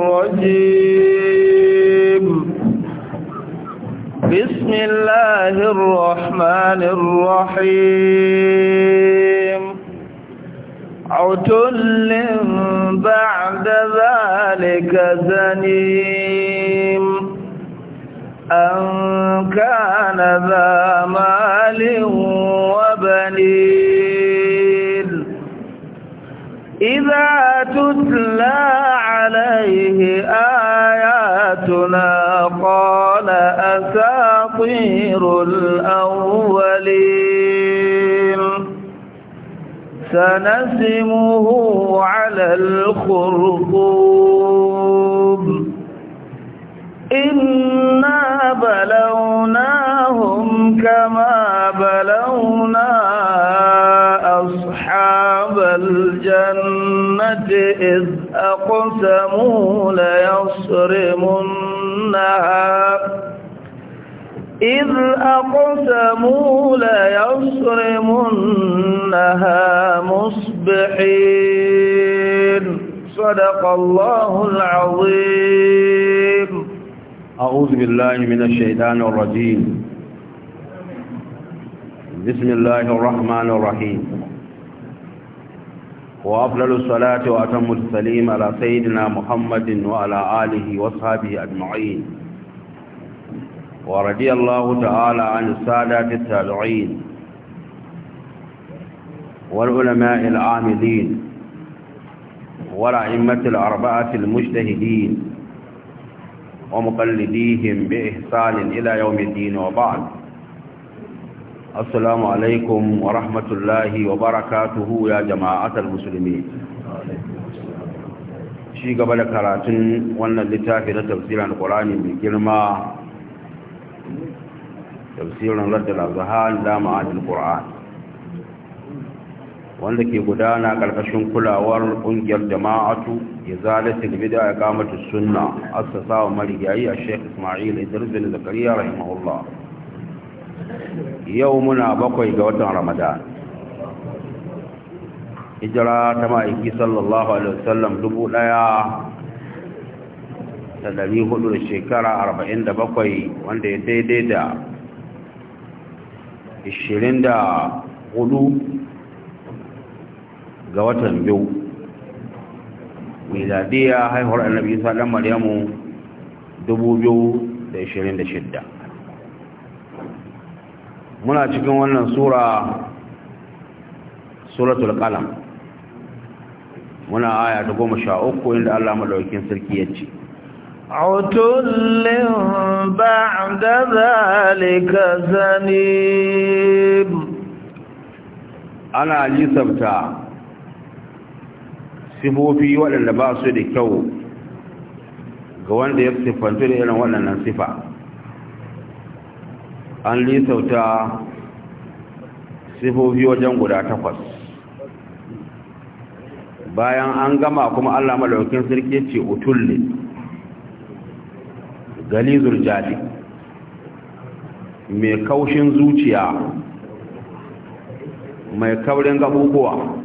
الرجيم بسم الله الرحمن الرحيم عتل بعد ذلك زنيم أن كان ذا أساطير الأولين سنسمه على الخرطوم إنا بلوناهم كما بلونا أصحاب الجنة إذ أقسموا ليصرمنها إذ أقسموا ليصرمنها مصبحين صدق الله العظيم أعوذ بالله من الشيطان الرجيم بسم الله الرحمن الرحيم وأفضل الصلاة وأتم السليم على سيدنا محمد وعلى آله وصحبه أجمعين ورضي الله تعالى عن السادة التابعين والعلماء العاملين والأئمة الأربعة المجتهدين ومقلديهم بإحسان إلى يوم الدين وبعد السلام عليكم ورحمة الله وبركاته يا جماعة المسلمين شيء قبل كراتن وانا لتافي لتفسير القرآن بالكلمة tafsirin raddal azhan da ma'anil qur'an wanda ke gudana ƙarƙashin kulawar ƙungiyar jama'atu ya izalatul bid'a iqamatus sunna assasa wa marigayi a Sheikh Isma'il Idris bin Zakariya rahimahullah yau muna bakwai ga watan Ramadan hijira ta ma'aiki sallallahu alaihi wasallam dubu daya da dari hudu da shekara arba'in da bakwai wanda ya daidai da ishirin da hudu ga watan biyu miladiya haihuwar annabi isa dan maryamu dubu biyu da ishirin da shidda muna cikin wannan sura suratul qalam muna aya da goma sha uku inda allah madaukin sarki ya ce عتل بعد ذلك زنيب أنا لسبتا sifofi waɗanda ba su da kyau ga wanda ya siffantu da irin waɗannan sifa an lisauta sifofi wajen guda takwas bayan an gama kuma allah malaukin sarki ce utulle galizul jali mai kaushin zuciya mai kaurin gabubuwa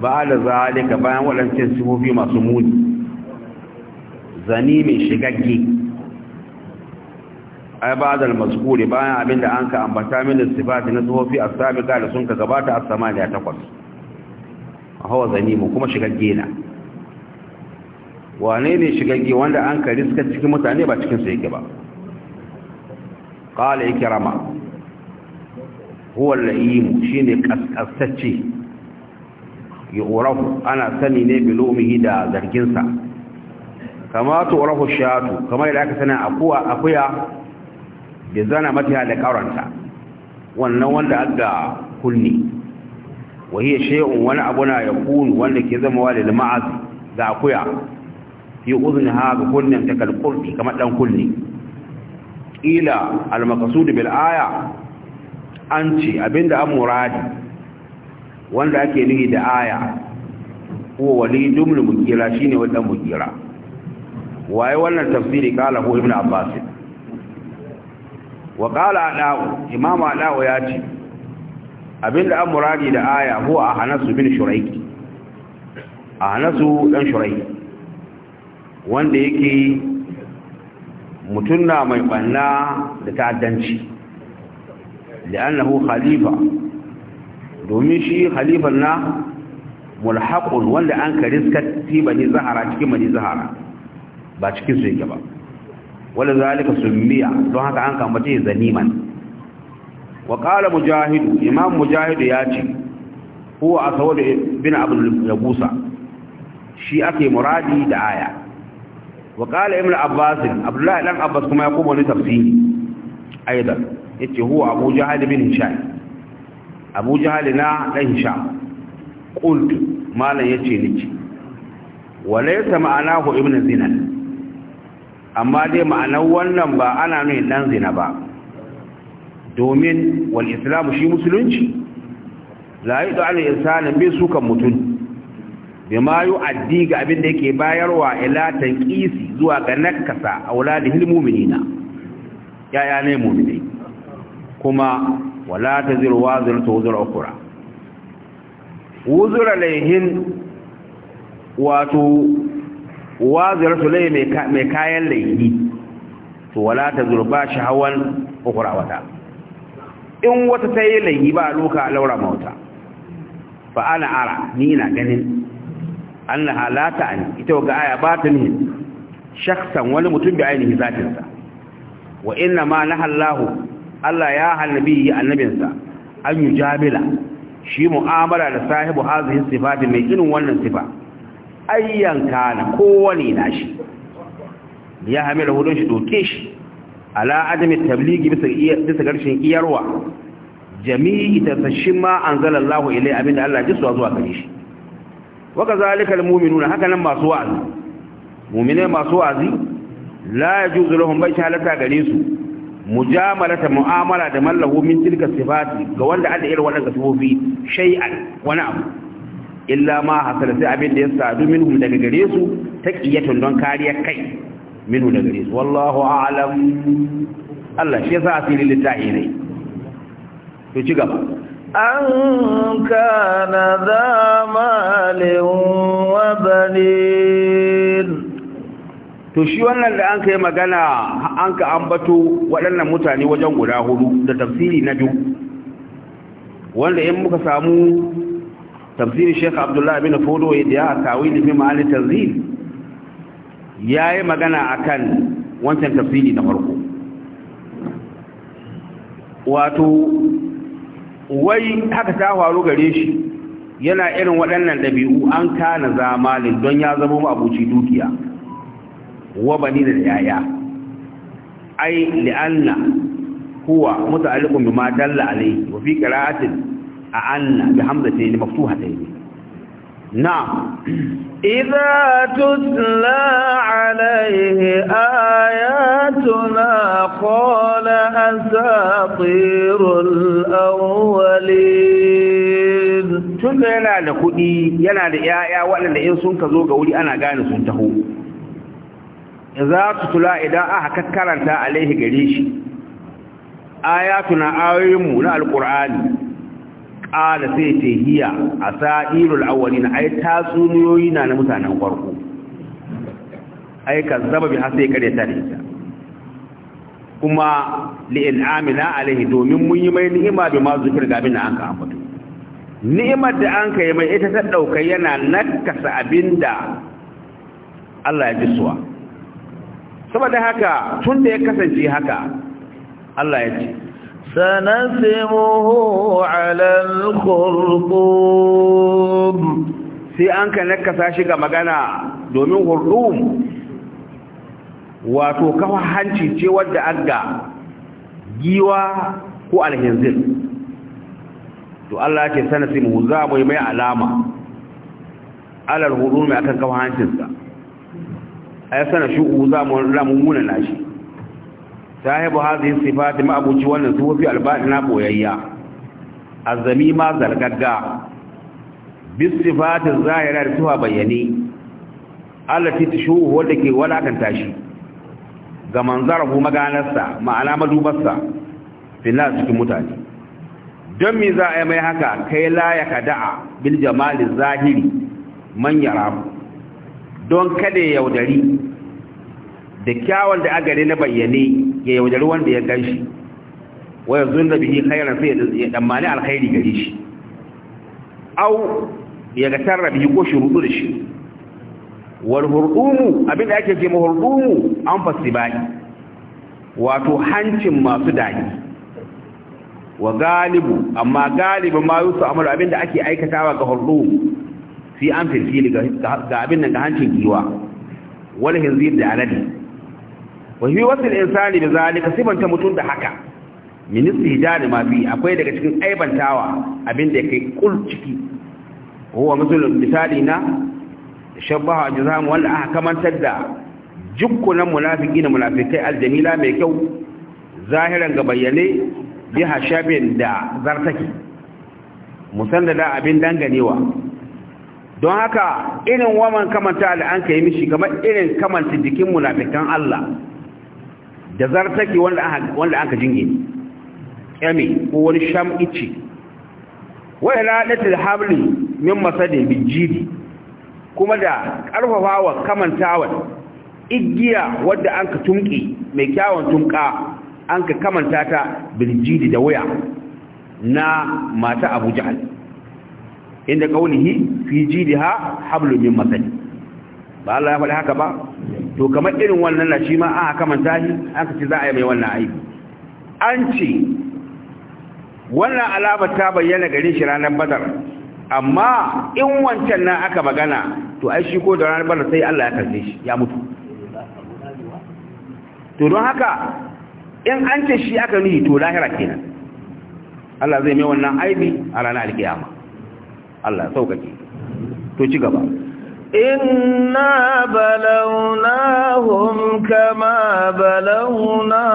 ba da zalika bayan waɗancan sifofi masu muni zani mai shigagge ai ba da almaskuri bayan abinda an ka ambata mini sifati na sifofi a sami da sun gabata a samaniya takwas a hawa zani mu kuma shigagge na wane ne shigagge wanda an kari suka cikin mutane ba cikin su yake ba qala ikrama huwa al-la'im shine kaskasacce urafu ana sani ne bi lumihi da zargin sa kama urafu shatu kama idan aka sani akuya akuya da zana mata da karanta wannan wanda aka kunni wa hiya shay'un wani abuna yakunu wanda ke zama wa lil ma'az ga akuya fi uzunha ga kunnen ta kalqurbi kamar dan kulli ila al-maqsud bil aya an ce abinda an muradi wanda ake nuhi da aya huwa walidum lil mukira shine wannan mukira waye wannan tafsiri kala ko ibnu abbas wa qala alau imamu alau ya ce abinda an muradi da aya huwa ahnasu bin shuraiki ahnasu dan shuraiki wanda yake mutum na mai banna da ta'addanci li'annahu khalifa domin shi khalifan na mulhaqun wanda an ka riskatti bani zahara cikin bani zahara ba cikin su yake ba wala zalika summiya don haka an kambace zaniman wa qala mujahid imam mujahid ya ce huwa asawad bin abdul yabusa shi ake muradi da aya وقال ابن عباس عبد الله dan abbas kuma ya له wani ايضا يتي yace huwa جهل بن هشام ابو جهل jahal na dan hisham qult malan yace niki wa laysa ma'anahu ibn zinan amma dai ma'anar wannan ba ana nuna dan zina ba domin wal islamu shi musulunci la yi da ana insanin sukan mutum yu addi ga abin da yake bayarwa ila tanqisi zuwa ga nakasa auladihil mu'minina yaya ne mu'minai kuma wala tazir waziratu wazir ukra wuzura laihin wato waziratu lai mai kayan laihi to wala tazur ba shi hawan ukra wata in wata tayi laihi ba loka laura mauta fa ana ara ni ina ganin annaha la ta'ani ita ga aya ba ta ne Shaksan wani mutum bi ainihi zatinsa wa inna ma hallahu? Allah ya halbi annabinsa an yujabila shi mu'amala da sahibu hazihin sifati mai irin wannan sifa ayyan kana na nashi ya hamila hudun shi doke shi ala adami tabligi bisa bisa garshin iyarwa jami'i tasashima anzalallahu ilai da Allah ya jisuwa zuwa gare shi waka zalikal mu'minuna haka masu wa'azi mu'mine masu wa'azi la yajuzu lahum bai halata gare su mujamalata mu'amala da mallahu min tilka sifati ga wanda ada irin wadannan sifofi shay'an wani abu illa ma hasala sai abin da ya sadu minhum daga gare su taqiyatun don kariya kai minhu daga gare su wallahu a'lam Allah shi yasa asiri littahi ne to ci gaba an kana za malin to shi wannan da an kai magana an ka ambato waɗannan mutane wajen guda hudu da tafsiri na biyu wanda in muka samu tafsirin sheikh abdullahi bin fodo ya diya a tawili fi ma'ali tanzil ya yi magana akan wancan tafsiri na farko wato wai haka ta faru gare shi yana irin waɗannan ɗabi'u an kana zamanin don ya zama abuci dukiya wa bani da yaya ai li'anna huwa muta'alliqun bima dalla alayhi wa fi qira'atin a anna bi maftuha maftuhatayn na. إذا تتلى عليه آياتنا قال أساطير الأولين tun da yana da kuɗi yana da 'ya'ya waɗanda in sun ka zo ga wuri ana gane sun taho za su tula idan aka kakkaranta alaihi gare shi ayatuna ayoyinmu na alƙur'ani ƙala sai ta hiya a sa'irul awwalin ai tatsuniyoyi na na mutanen farko ai ka bi har sai kare ta da ita kuma li'in'amina alaihi domin mun yi mai ni'ima bi ma zufir ga abin da an ka ambato ni'imar da an yi mai ita ta ɗauka yana nakasa abinda Allah ya ji suwa saboda haka tun da ya kasance haka Allah ya ce sanasimuhu alal khurqum sai an ka nakasa shi ga magana domin hurdum wato kafa hanci ce wadda agga giwa ko alhinzir to Allah ya ce sanasimuhu za mu yi mai alama alal hurdum akan kafa hancinsa a yasana shu'u za mu ramu muna nashi sahib hadhihi sifati ma abuji wannan sufi na boyayya ma zalgagga bis sifati zahira da suwa bayani allati tashuhu wanda ke walakan tashi ga manzarahu maganarsa ma'ana madubarsa filla cikin mutane don me za a yi mai haka kai ka da'a bil jamali zahiri man yara don kada ya yaudari da kyawun da agare na bayyane ya yaudari wanda ya gan shi waya zunda bihi khairan sai ya dammani alkhairi gare shi au ya ga tarra bihi ko shurudu da shi wal hurdumu abinda ake ce mu hurdumu an fasibani wato hancin masu dani wa galibu amma galibu ma yusu amalu abinda ake aikatawa ga hurdumu fi an fil fili ga abin nan ga hancin giwa wal hinzir da alade wa fi wasu insani da zalika sifanta mutum da haka ministi da ma fi akwai daga cikin aibantawa abinda ya kai kul ciki huwa musulun misali na shabbawa a jizamu wanda aka kamantar da "Jikunan munafiki na munafikai aljamila mai kyau zahiran ga bayyane biha shabin da zartaki da abin danganewa don haka irin waman kamanta da an ka yi mishi kamar irin kamanta jikin munafikan Allah da zartaki wanda aka jinge ƙyami ko wani sham ice wani latin hamlin min masadin bijidi kuma da ƙarfafawa kamantawan igiya wadda an ka mai kyawun tunka an ka kamanta ta biljidi da waya na mata abu jahal inda ƙaunihi fi jidi ha hamlin min masadin ba Allah ya faɗi haka ba to kamar irin wannan na shi ma aka kamanta shi aka ce za a yi mai wannan aiki an ce wannan alamar ta bayyana garin shi ranar badar amma in wancan na aka magana to ai shi ko da ranar badar sai Allah ya karbe shi ya mutu to don haka in an ce shi aka nuhi to lahira kenan Allah zai mai wannan aibi a ranar alkiyama Allah sauƙaƙe to ci gaba إنا بلوناهم كما بلونا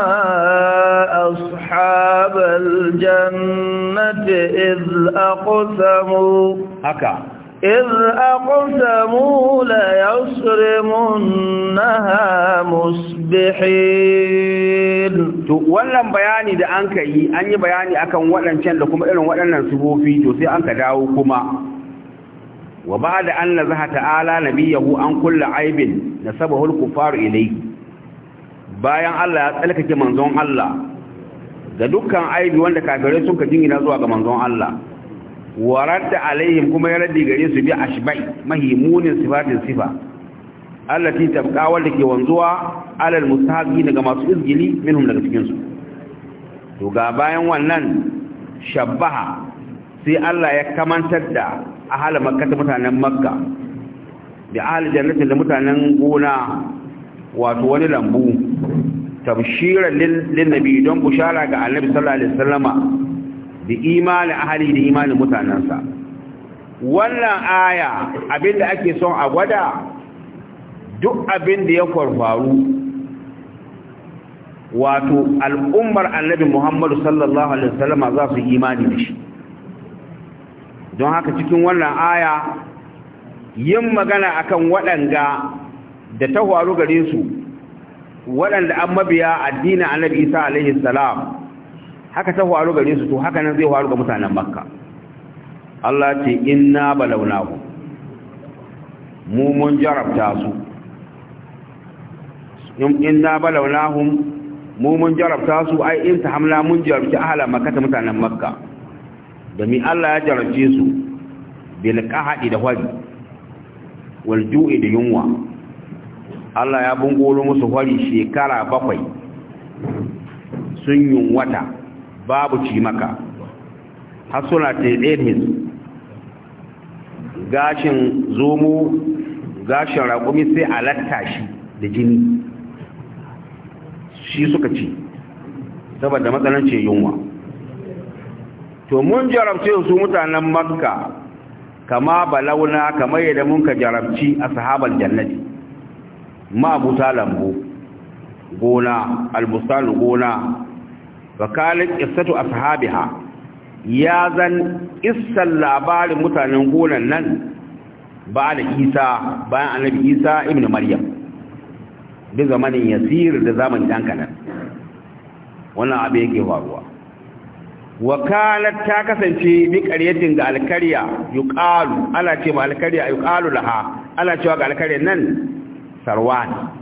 أصحاب الجنة إذ أقسموا هكا إذ أقسموا ليصرمنها musbihin to wannan bayani da an kai an yi bayani akan waɗancan da kuma irin waɗannan sufofi to sai an ka dawo kuma wa ba da an na zaha ta'ala na biyahu an kulla aibin na hulku, faru ilai bayan Allah ya tsalkake manzon Allah ga dukkan aibi wanda kafirai suka ka jingina zuwa ga manzon Allah wa radda alaihim kuma ya raddi gare su bi ashbai mahimunin sifatin sifa allati tabqa wanda ke wanzuwa alal mustahaqi daga masu izgili minhum daga cikin su to ga bayan wannan shabbaha sai Allah ya kamantar da ahala makka ta mutanen makka da ahal jannatin da mutanen gona wato wani lambu tabshiran lin nabi don bushara ga annabi sallallahu alaihi wasallama da imani ahali da imanin mutanensa wannan aya abinda ake son a gwada duk abin da ya farfaru wato al'ummar annabi muhammadu sallallahu alaihi wasallama za su imani da shi don haka cikin wannan aya yin magana akan waɗanda da ta faru gare su waɗanda an mabiya addinin annabi isa alaihi salam haka ta faru gare su to haka nan zai faru ga mutanen makka Allah ce inna balawnahu mu mun jarabta su inna balawnahum mu mun jarabta su ai in ta hamla mun jarabta ahla makka mutanen makka domin Allah ya jarabce su bil qahadi da hwari wal ju'i da yunwa Allah ya bungulo musu hwari shekara bakwai sun yunwata babu cimaka har suna taidaidin gashin zomo gashin raƙumi sai alatta shi da jini shi suka ci saboda matsalancin yunwa to mun jarabce su mutanen makka kama balauna kama yadda mun ka jarabci a sahabar jannati ma'abuta lambu gona albustanu gona fakalin istatu ashabiha ya zan isan labarin mutanen gonan nan ba isa bayan annabi isa ibn maryam bi zamanin yasir da zamanin dan wannan abu yake faruwa wakalar ta kasance bi ƙaryatin ga alkariya yuqalu ala ce ma alkarya yuqalu laha ala cewa ga alkarya nan sarwan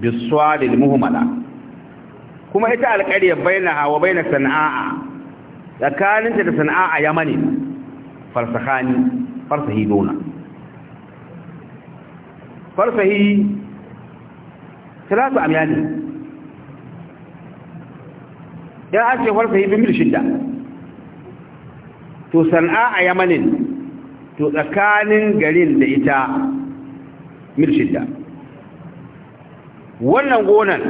biswadil muhmala kuma ita baina bainaha wa baina sana'a tsakaninta da sana'a yamani farsahani farsahi dona farsahi salatu amyani dan ake farfahi yi mil shidda to san'a a yamanin to tsakanin garin da ita mil shidda wannan gonan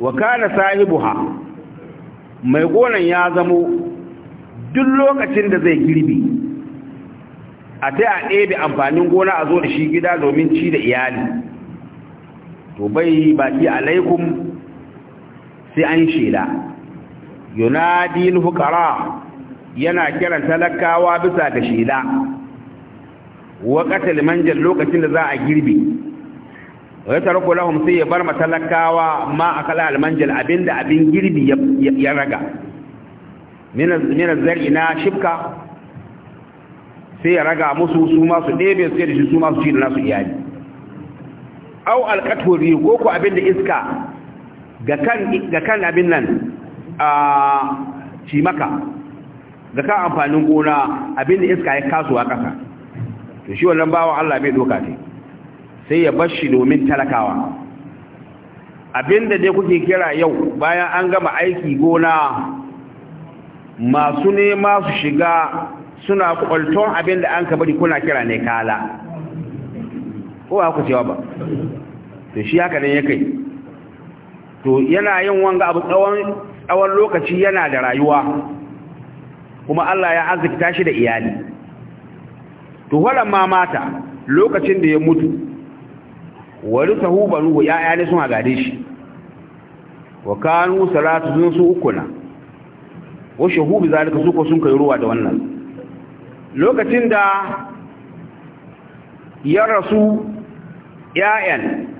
wa kana sahibuha mai gonan ya zamo duk lokacin da zai girbi a ta a ɗebe amfanin gona a zo da shi gida domin ci da iyali to bai baki alaikum sai an shela yunadi al-fuqara yana kiran talakawa bisa ga shela wa qatal manjal lokacin da za a girbe wa tarku lahum sai ya bar matalakawa ma akala al-manjal abinda abin girbi ya raga min az-zar'i na shibka sai ya raga musu su ma su debe su da shi su ma su ci da nasu iyali au qatwi ko ko abinda iska ga kan ga kan abin nan a cimaka da kan amfanin gona abinda iska ya kaso a ƙasa to shi wannan bawan Allah mai doka ce sai ya bar shi domin talakawa abinda dai kuke kira yau bayan an gama aiki gona masu nema su shiga suna kwalton abinda an kabari kuna kira ne kala ko ba ku cewa ba to shi haka ne ya kai to yana yin wanga abu tsawon tsawon lokaci yana da rayuwa kuma Allah ya arzikta shi da iyali to wannan ma mata lokacin da ya mutu wani sahu banu ya'ya ne sun gade shi wa kanu salatu sun su ukuna wa shahu bi zalika su ko sun kai ruwa da wannan lokacin da ya rasu ya'yan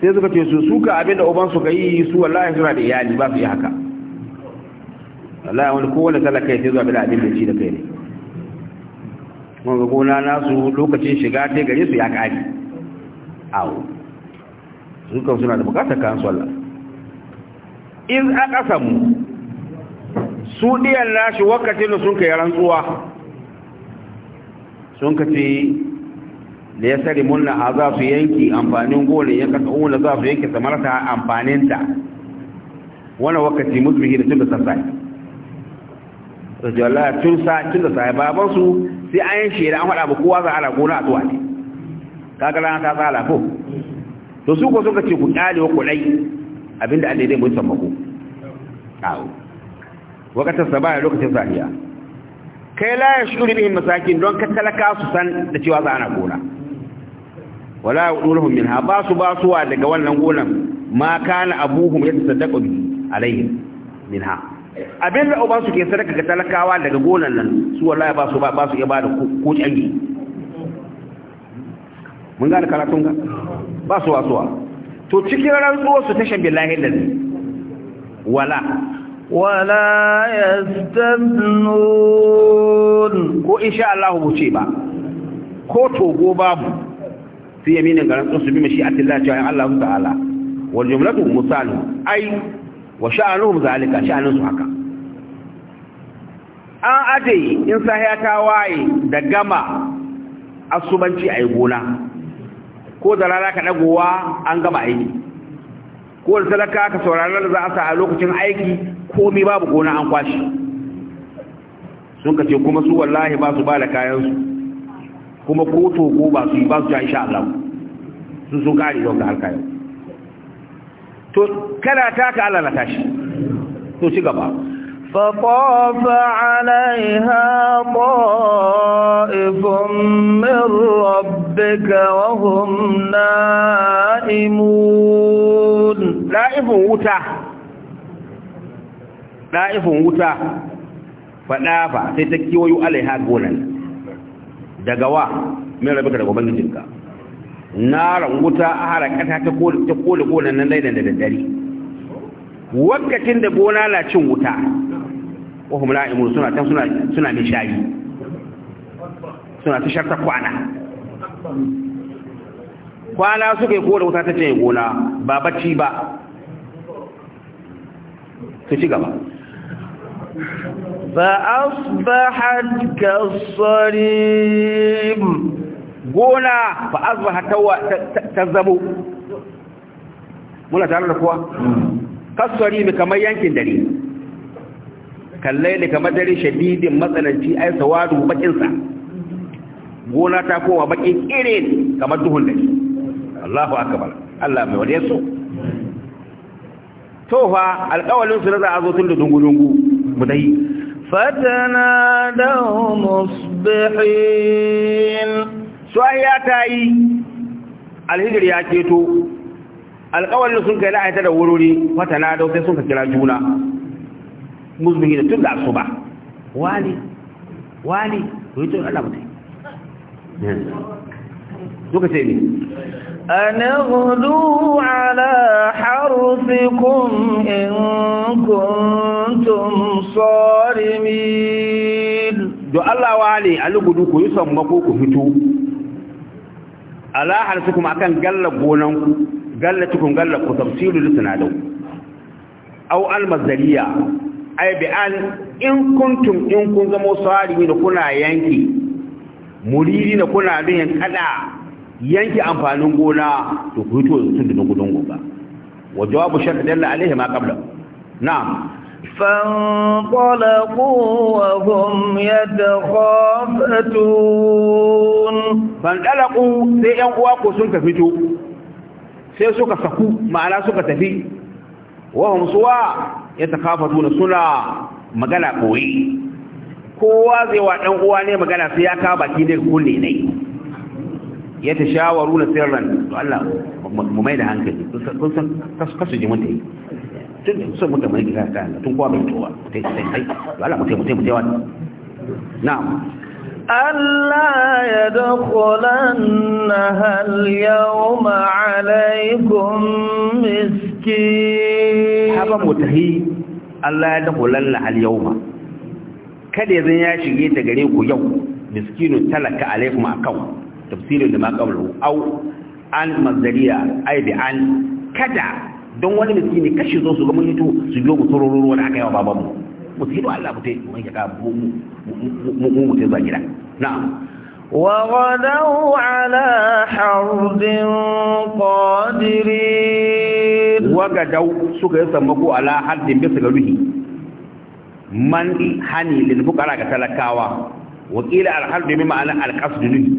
sai suka ce su suka abinda uban suka yi su wallahi suna da iyali ba su yi haka wallahi wani kowane talaka ya ce zuwa bida abin da ci da kai ne wanda gona nasu lokacin shiga ta gare su ya kari awo sukan suna da kan kayan sallah in aka samu su diyan nashi wakacin da sun kai rantsuwa sun kace da ya sari munna za su yanki amfanin gole ya kasa da za su yanki samarta amfaninta wani wakati musbihi da tun da sassai rajiyallah tun sa tun da sai babansu sai an yi da an haɗa ba kowa za a ala gona a tuwa ne kaga rana ta tsala ko to su ko suka ce ku kyale wa kulai abinda Allah daidai dai mun sammako awo wakatar sabaya lokacin sahiya kai la ya shuri bihin masakin don ka talaka su san da cewa za ana gona wala yudurhum minha ba su ba su wa daga wannan gonan ma kana abuhum yatasaddaqu bi alayhi minha abin da uban su ke sadaka ga talakawa daga gonan nan su wallahi ba su ba ba su iya bada ko canji mun gane karatun ga ba su wa suwa to cikin rantsuwar su tashan billahi da wala wala yastamnun ko insha Allah bu ce ba ko togo babu fi yaminin garan tsun su bi mashi'atillah cewa Allah ta'ala wal jumlatu musalu ai wa sha'anuhum zalika sha'anun su haka an aje in sahiya ta waye da gama asubanci ai gona ko da rana ka dagowa an gama aiki ko da talaka ka sauraron da za a sa a lokacin aiki komai babu gona an kwashi sun kace kuma su wallahi ba su ba da kayan su kuma ko to ko ba su yi ba su ja insha Allah sun sun kare yau ga harka yau to kana taka Allah na tashi to ci gaba فطاف عليها rabbika wa hum na'imun نائمون wuta وتا wuta fa dafa sai ta kiwayo alaiha gonan daga wa min ka daga ubangijinka na wuta a harakata ta kole gonan nan laidan da daddare wakacin da gona na cin wuta wahum la'imun suna ta suna suna shayi suna ta sharta kwana kwana suka yi kore wuta ta cin gona ba bacci ba su ci gaba فأصبحت كالصريم قولا فأصبحت تزبو muna tare da kuwa kasari ne kamar yankin dare kallai ne kamar dare shadidin matsananci ai sawadu bakinsa gona ta kowa bakin irin kamar duhun dare Allahu akbar Allah mai wani yaso to fa alƙawalin su na za zo tun da dungudungu بدي فتنادوا مصبحين سؤال يا تاي الهجر يا كيتو alƙawar da sun kai la'ayata da wurori wata na dau sun ka kira juna musbihi da tun da su wani wani أن على حرثكم إن كنتم صارمين جو الله وعلي ألغدوا كيسم مكوك فتو على حرثكم أكن قلق بونانكو قلتكم قلق تفسير لسنادو أو المزدلية أي بأن إن كنتم إن كنتم صارمين كنا ينكي مريدين كنا بهم كذا yanke amfanin gona to ku to sun da gudun goba wa jawabu shart dalla alaihi ma qabla na'am فانطلقوا وهم يتخافتون فانطلقوا sai yan uwa ko sun ka fito sai suka saku ma'ana suka tafi wahum suwa yatakhafatuna suna magana koyi kowa zai wa dan uwa ne magana sai ya ka baki ne kunne ne ya ta shawaru na sirran to Allah mu mai da hankali kun san kasu ji mutane yi tun su mutane mai gida ta tun kuwa bai towa ta yi sai to Allah mutane mutane mutane wani na'am Allah ya dakulanna hal yawma alaikum miski. haba mutahi Allah ya dakulanna hal ma kada ya zan ya shige ta gare ku yau miskinu talaka alaikum kawo tafsirin da ma qablahu au an mazariya ay bi an kada don wani ne, kashe zo su ga mun su biyo mu turururu wani aka yi wa babanmu mu yi hito Allah mutai mu yanka mu mu mu zuwa gida na'am wa ghadaw ala hardin qadirin wa gadaw suka yi sammako ala hardin bisa ga ruhi man hani lil fuqara ga talakawa wa qila al harbi ma'ana al qasd ruhi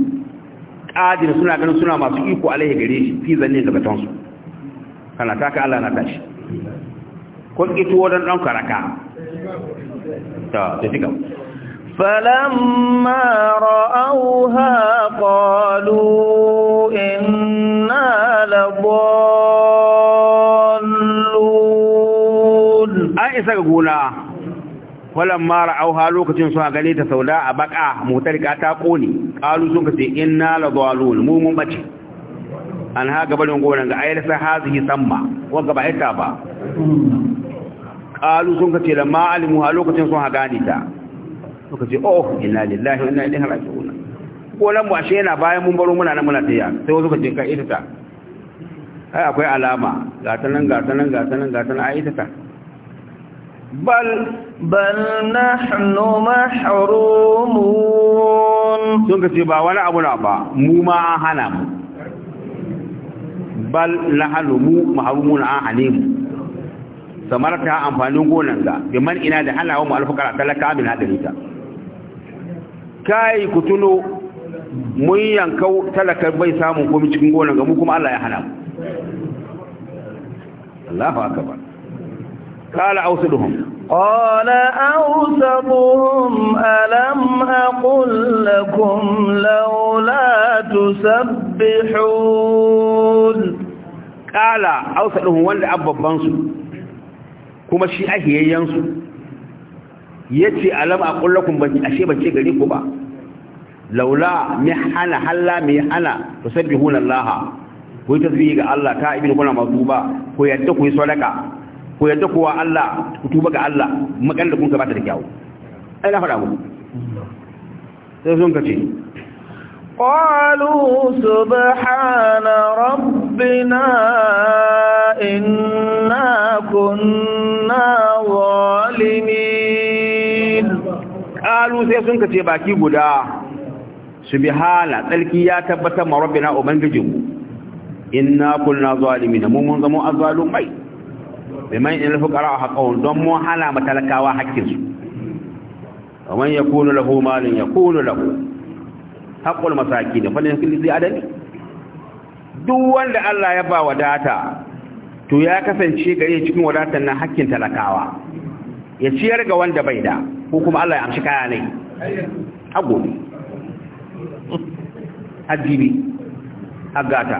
qadir suna ganin suna masu iko alaihi gare shi fi zanne ga batansu kana taka Allah na tashi ko ito wadan dan karaka ta tafi ga فلما رأوها قالوا إنا isa ga gona. falan mara auha lokacin suna gane ta sauda a baka mutarika ta kone kalu sun ce inna la dalun mu mun bace an ha gaba don gonan ga ayi sai hazihi samma wa gaba ita ba kalu sun ce da ma alimu ha lokacin suna gane ta suka ce oh inna lillahi wa inna ilaihi raji'un lan mu ashe yana bayan mun baro muna nan muna tiya sai wasu ce ka ita ta ai akwai alama gata nan gata nan gata nan gata nan ai ita ta bal بل نحن محرومون sun kace ba wani abu na ba mu ma an hana mu bal mu an hane mu samarta amfanin gonan ga bi man ina da halawa mu alfukara talaka min hadari ta kai ku tuno mun yankau talakar bai samun komai cikin gonan ga mu kuma Allah ya hana Allahu akbar قال أوسطهم قال أوسطهم ألم أقل لكم لولا تسبحون قال أوسطهم وان أبب بانسو كما شيئه ينسو يتي ألم أقول لكم أشيء بشيء غريب با لولا محنا حلا محنا تسبحون الله ko tasbihi ga Allah ta ibnu kuna masu ba ko yadda ku yi sadaka ku yadda kowa Allah ku tuba ga Allah makan da kun ka bata da kyawu ai na faɗa muku sai sun kace قالوا سبحان ربنا إنا kunna ظالمين قالوا sai sun kace baki guda subhana tsalki ya tabbatar ma rabbina ubangijinmu inna kunna zalimin mu mun zama azzalumai biman in fuqara haqqahum don mu hala matalakawa hakkin su ومن يكون له مال يكون له حق المساكين فليكن ذي عدل duk wanda Allah ya ba wadata to ya kasance gare cikin wadatar na hakkin talakawa ya ciyar ga wanda bai da ko kuma Allah ya amshi kaya ne a gobe addini agata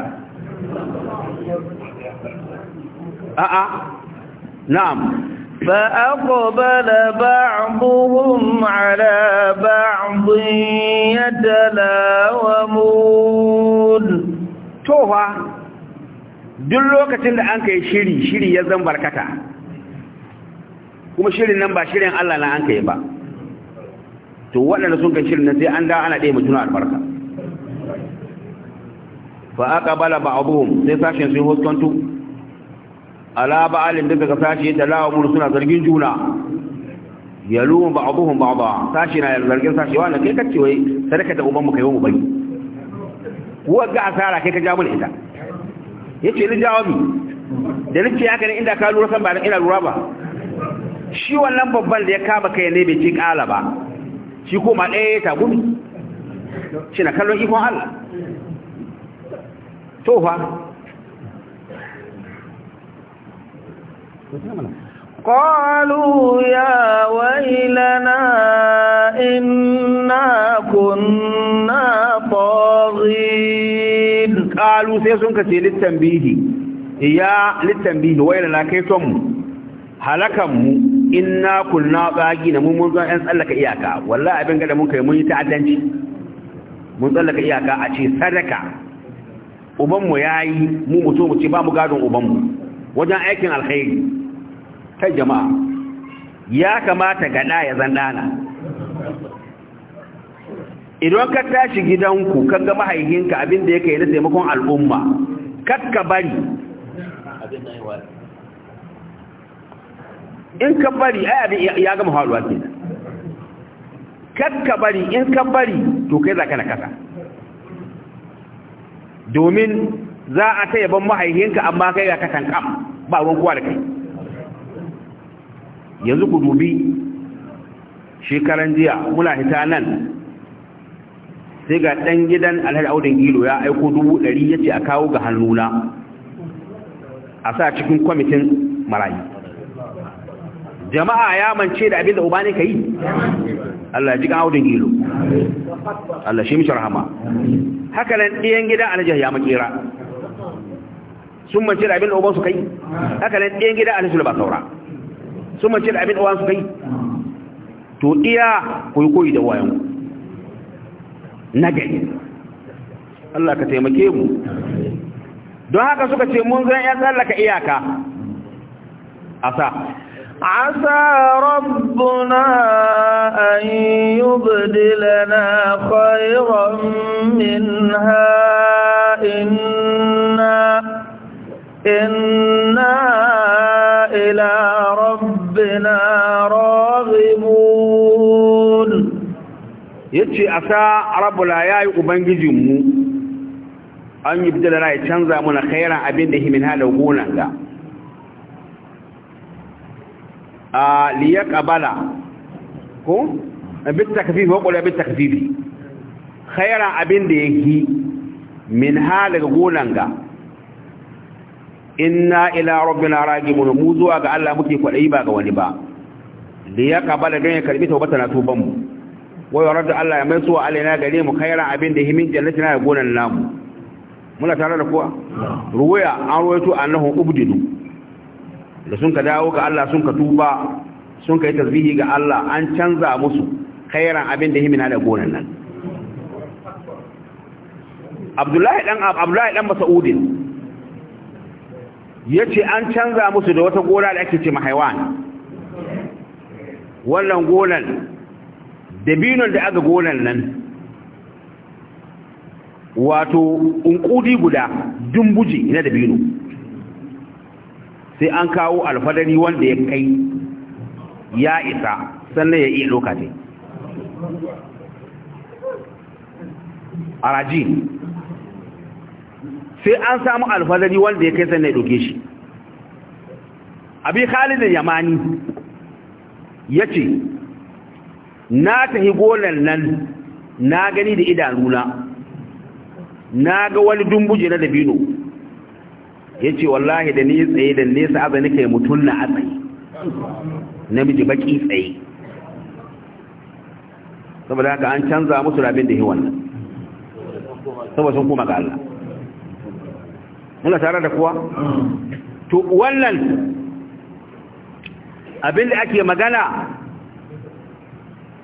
a'a نعم فأقبل بعضهم على بعض يتلاومون توفى duk lokacin da an kai shiri shiri ya zan barkata kuma shirin nan ba shirin Allah na an kai ba to waɗanda sun kai shirin nan sai an dawo ana ɗaya mutuna albarka fa aqbala ba'dhum sai sashin sun huskantu ala ba'alin duka ga sashi ya talawa mun suna zargin juna yalumu ba'dhum ba'dha sashi na zargin sashi wa kai kace wai sarka ta uban mu kai mu bari kuwa ga asara kai ka ja mun ita yace ni jawabi da nake haka ne inda ka lura san ba ina lura ba shi wannan babban da ya kama kai ne bai ci kala ba shi kuma ɗaya ta gumi shi na kallon ikon Allah to fa قالوا يا ويلنا إنا كنا طاغين قالوا سيسون كتي للتنبيه يا للتنبيه mu, كيتم هلكم inna kunna bagina mun mun tsallaka iyaka wallahi abin gada mun kai mun yi ta'addanci mun tsallaka iyaka a ce sadaka uban mu yayi mu mutum mu ce ba mu gadon uban mu wajen aikin alkhairi Ta jama'a ya kamata gada ya zan dana idan ka tashi gidanku ka ga mahaihinka abinda yake na taimakon al'umma kakka bari in ka bari ai abin ya gama haruwa ke kakka bari in ka bari to kai za ka na kasa domin za a ta yaban mahaihinka amma kai ga kasan kam ba ruwan kuwa da kai yanzu ku dubi shekaran jiya muna hita nan sai ga ɗan gidan alhaji audin ilo ya aiko dubu ɗari ya ce a kawo ga hannuna a sa cikin kwamitin marayu jama'a ya mance da abin da uba ne ka yi Allah ji kan audin ilo Allah shi mishi rahama haka nan ɗiyan gidan alhaji ya makera sun mance da abin da uban su kai haka nan ɗiyan gidan alhaji ba saura sun mace da abin da wasu kai to iya kwaikwayi da wayan na gari Allah ka taimake mu don haka suka ce mun zan ya tsallaka iyaka asa عسى ربنا أن يبدلنا خيرا منها إنا, إنا ربنا راغبون yace asa rabbul yayi ubangijinmu an yi bidala ya canza mana khairan abinda himin hada gonan ga a liyaqbala ko bit takfifi wa qul bit takfifi khairan abinda yake min hada gonan ga inna ila rabbina rajimun mu zuwa ga Allah muke kwadayi ba ga wani ba da ya kabala don ya karbi taubata na tuban mu wai yarda Allah ya mai suwa alaina gare mu khairan abin da himin jannati na gonan namu muna tare da kowa ruwaya an ruwaito annahu ubdidu da sun ka dawo ga Allah sun ka tuba sun ka yi tasbihi ga Allah an canza musu khairan abin da himina da gonan nan Abdullahi dan Abdullahi dan Mas'udin ya ce an canza musu da wata gona da ake ce mahaiwan wannan gonan dabinon da aka gonan nan wato unkudi guda dumbuji na dabino sai an kawo alfadari wanda ya kai ya isa sannan ya iya lokaci Arajin. sai an samu alfazari wanda ya kai sai na doke shi abi khalid yamani yace na hi gonar nan na gani da idanuna na ga wani dumbuje na dabino yace wallahi da ni tsaye da nesa aza nake mutun na tsaye namiji baki tsaye saboda haka an canza musu rabin da yi wannan saboda sun kuma ga Allah muna tare da kuwa to wannan abin da ake magana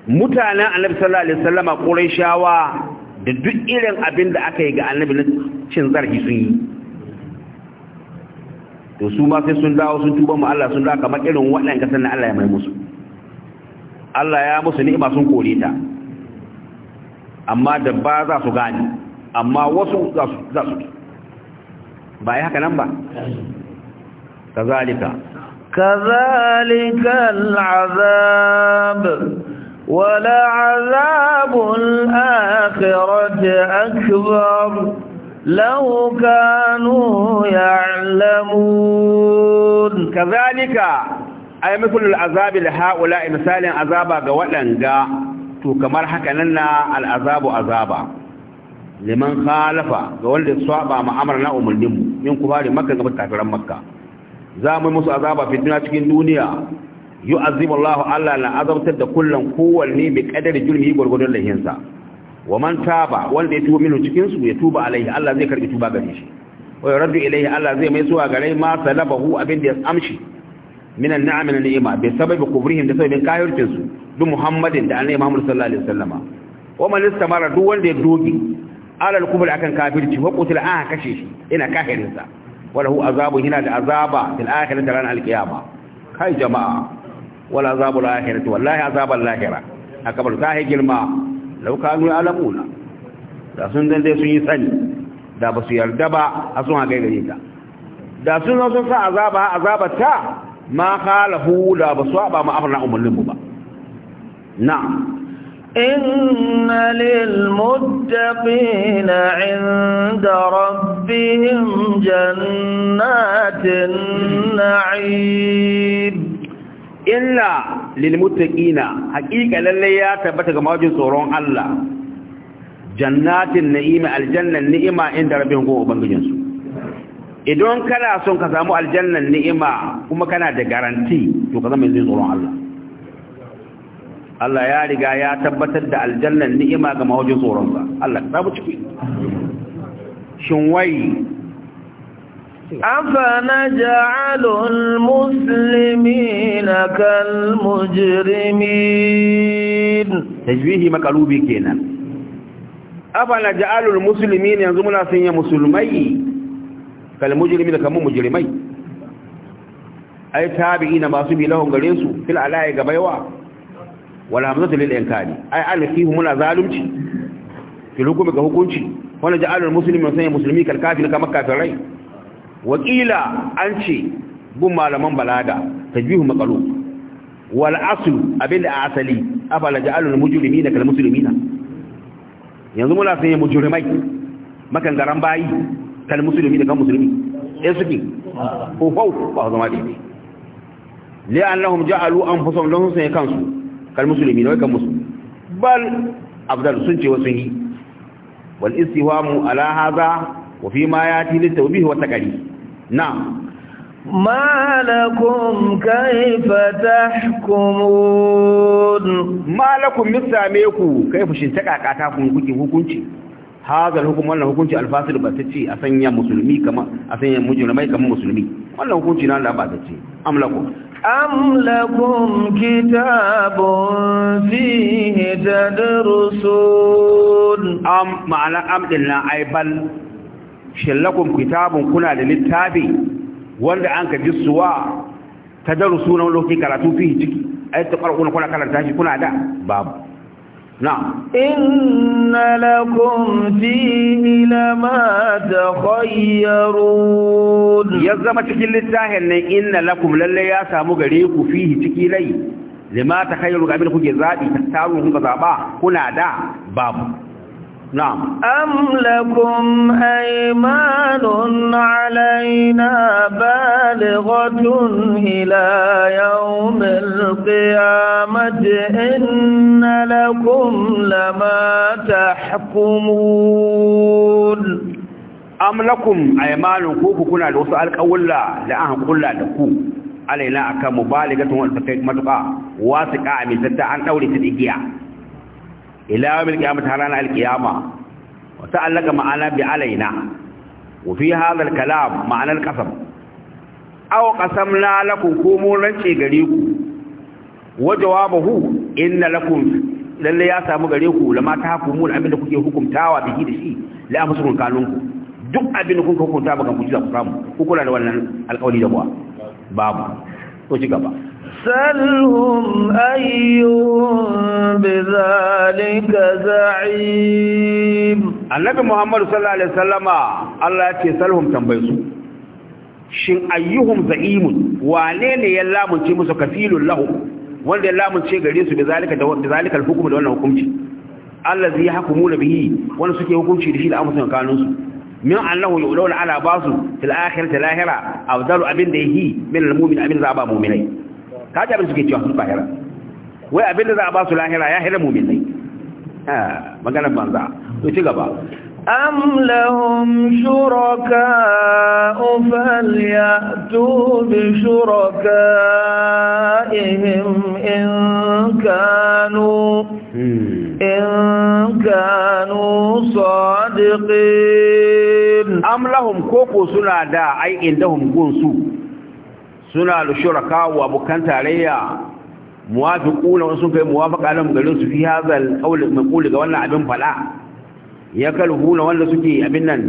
mutanen annabi sallallahu alaihi wasallama qurayshawa da duk irin abin da aka yi ga annabi na cin zargi sun yi to su ma sai sun dawo sun tuba mu Allah sun dawo kamar irin kasan na Allah ya mai musu Allah ya musu ni'ima sun kore ta amma da ba za su gane amma wasu za su ba yi haka nan ba kazalika kazalika al'azab wala azabul akhirati akbar law kanu ya'lamun kazalika ay mithlul azabi li haula misalin azaba ga wadanga to kamar haka nan na al'azabu azaba liman khalafa ga wanda ya saba ma amarna umurnin mu in kuma da makka ga kafiran makka za mu musu azaba fitina cikin duniya Yu Allahu Allah la azabtar da kullun kowanne bi qadari julmi gurgurdun lahinsa wa man taba wanda ya tuba minu cikin su ya tuba alaihi Allah zai karbi tuba gare shi wa yardu ilaihi Allah zai mai suwa gare ma salabahu abin da ya amshi min an-ni'am ni'ima bi sababi kubrihim da sababin kafircin su du Muhammadin da annabi Muhammad sallallahu alaihi wasallama wa man istamara duk wanda ya dogi alal kubul akan kafirci wa qutila an kashe shi ina kafirin sa walahu azabun yana da azaba fil akhirati ran alqiyama kai jama'a wal azabul akhirati wallahi azabul lahira akabar zahi girma law kanu alamuna da sun dan dai sun yi sani da basu yarda ba a sun haƙe gare ta da sun zo sun sa azaba ta, ma khalahu da basu ba ma afna umulin ba na'am إن للمتقين عند ربهم جنات النعيم إلا للمتقين حقيقة للي تبتغ موجود صورون الله جنات النعيم الجنة النعيم عند ربهم قوة بنجنسو idan kana son ka samu aljannan ni'ima kuma kana da garanti to ka zama yanzu tsoron Allah Allah ya riga ya tabbatar da aljannan ni'ima ga mawajin tsoronsa Allah ta bu ciki shin wai afana ja'alul muslimina kal mujrimin tajwihi makalubi kenan afana ja'alul muslimina yanzu muna sanya musulmai kal mujrimina kamar mujrimai ai tabi'ina masu bi gare su fil alai ga baiwa wala hamzatu lil inkari ai alfihu muna zalunci fi hukumi ga hukunci wala ja'alul muslimin sanya muslimi kal kafir kama kafirai wakila an ce bu malaman balada tajbihu maqalu wal aslu abinda asali afala ja'alul mujrimina kal muslimina yanzu muna sanya mujrimai makan garan bayi kal muslimi da kan muslimi sai suke ko ko ba zama dai annahum ja'alu anfusahum lahum sanya kansu kal musulmi ne kan musu bal afdal sun ce wasu yi wal istihamu ala hadha wa fi ma yati li tawbih wa taqari na'am tahkumun ma lakum misame ku لكم مساميكو كيف شنتكاكا kun kuke hukunci hadha hukum wannan hukunci alfasil ba ce a sanya musulmi kama a sanya mujrimai kama musulmi wannan hukunci na Allah ba da ce amlakum am lakum kitabun fihi tadrusun am ma'ana am din la shallakum kitabun kuna da littafi wanda an ka jissuwa tadrusuna lokaci karatu fihi ciki ai ta kuna karanta shi kuna da babu Nah. Inna lakum fihi lama takhayyarun. Ya zama cikin littafin nan inna lakum lallai ya samu gare ku fihi ciki rai. Lima takhayyarun ga abin kuke zaɓi, ta taru kun ga zaba kuna da babu. نعم أم لكم أيمان علينا بالغة إلى يوم القيامة إن لكم لما تحكمون أم لكم أيمان كوكو كنا لوسأل كولا لأهم كلا لكو علينا أكا مبالغة وانتكيك مدقا واسقا من زدان أولي تدقيا ila yawmil qiyamati halana alqiyama wa ta'allaqa ma'ana bi alaina wa fi hadha alkalam ma'ana alqasam aw qasamna lakum kumun ce gare ku wa jawabahu inna lakum lalle ya samu gare ku lama ta hukumul abin da kuke hukumtawa bihi da shi la amsukum kanunku duk abin da kuka hukunta baka ku ji a ku samu ku kula da wannan alƙawari da kuwa babu ko ci gaba سلهم أيهم بذلك زعيم النبي محمد صلى الله عليه وسلم الله يكي سلهم تنبيسوا shin ayyuhum za'imun wane ne ya lamunce musu kafilun lahu wanda ya lamunce gare su bizalika da bizalika al-hukm da wannan hukunci allazi yahkumuna bihi wanda suke hukunci da shi da amsan kanun su min annahu yu'lawu ala basu fil akhirati lahira afdalu abin da yahi min mu'minai ka ji abin suke cewa sun lahira wai abin da za a ba su lahira ya hira muminai maganar banza to ci gaba أم لهم شركاء فليأتوا بشركائهم إن كانوا إن كانوا صادقين أم لهم كوكو سنادا أي عندهم كونسو suna da shuraka wa abokan tarayya muwafiquna wasu kai muwafaqa lahum garin su fi hazal qawl maqul ga wannan abin fala ya kalhuna wanda suke abin nan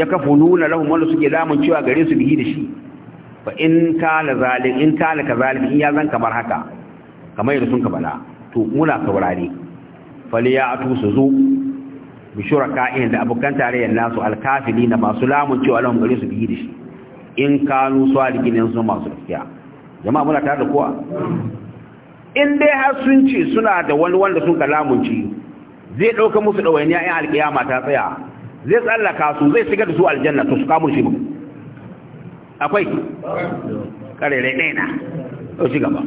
ya kafununa lahum wanda suke lamun cewa gare su bihi da shi fa in kana zalim in kana kazalik in ya zan kamar haka kamar yadda sun ka bala to muna saurare faliyatu su zo bi shuraka da abokan tarayyan nasu na masu lamun cewa lahum gare su bihi da shi in kanu salihin yanzu masu gaskiya jama'a muna tare da kowa in dai har sun ce suna da wani wanda sun kalamun ci, zai ɗauka musu ɗawainiya in alƙiyama ta tsaya zai tsallaka su zai shiga da su aljanna to su kamun shi akwai ƙarere ɗaya na ɗau shi gaba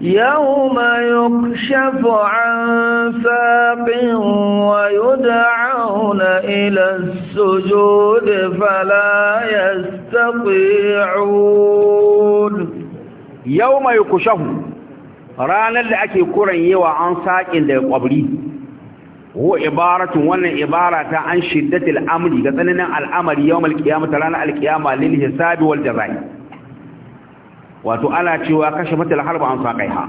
يوم يكشف عن ساق ويدعون إلى السجود فلا يستطيعون يوم يكشف رانا لأكي كوراً يوى عن ساق اللي هو عبارة وانا عبارة عن شدة الأمر قتلنا الأمر يوم القيامة لنا القيامة للحساب والجزائي wato ana cewa kashe matal harba an sa ha.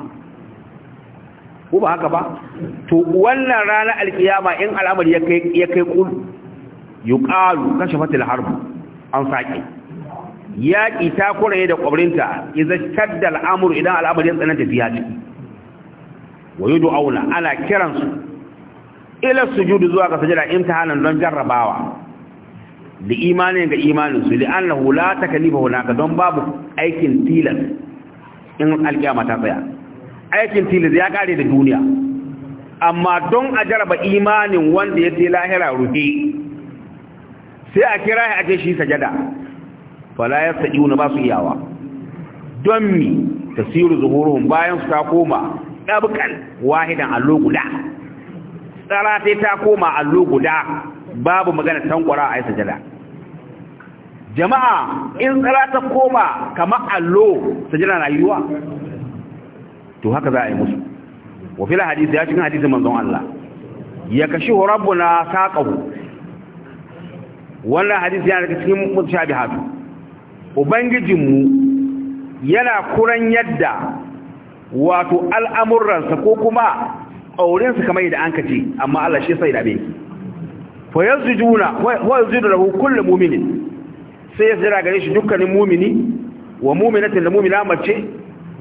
ko ba haka ba to wannan ranar alkiyama in al'amari ya kai ya kai kul yuqalu kashe matal harba an sa ya yaƙi ta kuraye da ƙwabrinta idan shadda al'amur idan ya tsananta fiya ciki wa yi du'auna ana kiransu ila sujudu zuwa ga sajada imtihanan don jarrabawa da imanin ga imanin su li'annahu la takalifa hunaka don babu aikin tilas in alkiyama ta tsaya aikin tilas ya kare da duniya amma don a jaraba imanin wanda ya ce lahira rufe sai a kira ya ake shi sajada fala ya sa'i na ba iyawa don mi tasiru zuhuruhum bayan su ta koma ɗabkan wahidan allo guda tsara sai ta koma allo guda babu magana tankwara a yi sajada jama'a in tsara ta koma kamar allo sajada na yiwuwa to haka za a yi musu wafila hadisi ya cikin hadisi manzon Allah ya kashi na saƙahu wannan hadisi yana daga cikin mutashabihatu ubangijinmu yana kuran yadda wato al'amuransa ko kuma ƙaurinsa kamar yadda an kace amma Allah shi sai da bai fa yazjuna wa yazidu lahu kullu mu'minin sai ya jira gare shi dukkanin mu'mini wa mu'minatin da mu'mina mace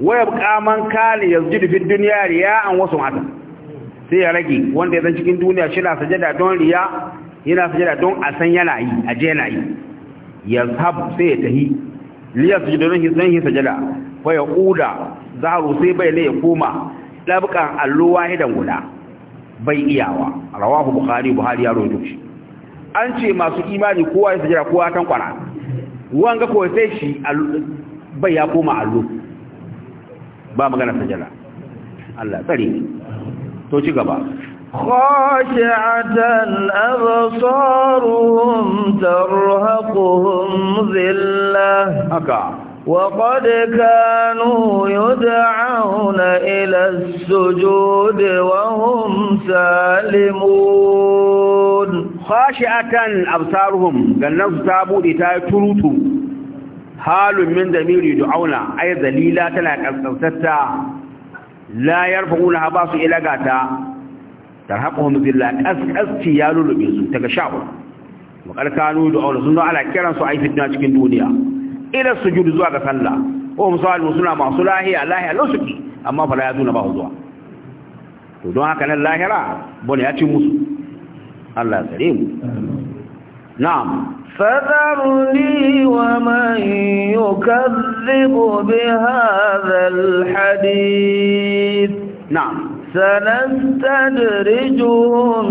wa yabqa man kana yazjidu fi dunya riya'an wa sum'atan sai ya rage wanda ya zan cikin duniya shi na sajada don riya yana sajada don a san yana yi a je yana yi yazhab sai ya tahi sujudu lahu yi sajada fa yaquda zaharu sai bai ne ya koma labqan allo wahidan guda bai iyawa rawahu bukhari buhari ya rawaito shi an ce masu imani kowa ya sajira kowa tan kwara wanga ko sai shi bai ya koma allo ba magana sajira Allah tsare to ci gaba خاشعة أبصارهم ترهقهم ذلة أكا وقد كانوا يدعون إلى السجود وهم سالمون خاشعة أبصارهم قلنا سابوا لتاي تروتو حال من دمير يدعون أي ذليلة تلك لا يرفعون باس إلى قاتا ترهقهم ذلا أسكي يالو لبيزو تكشعوا وقد كانوا يدعون سنو على كيران سعيد في الدنيا ila sujud zuwa ga sallah ko misali suna masu lahiya lahiya lusuki amma fala ya tuna ba zuwa to don haka nan lahira bone ya ci musu Allah tsare mu na'am فذرني ومن يكذب بهذا الحديث نعم سنستدرجهم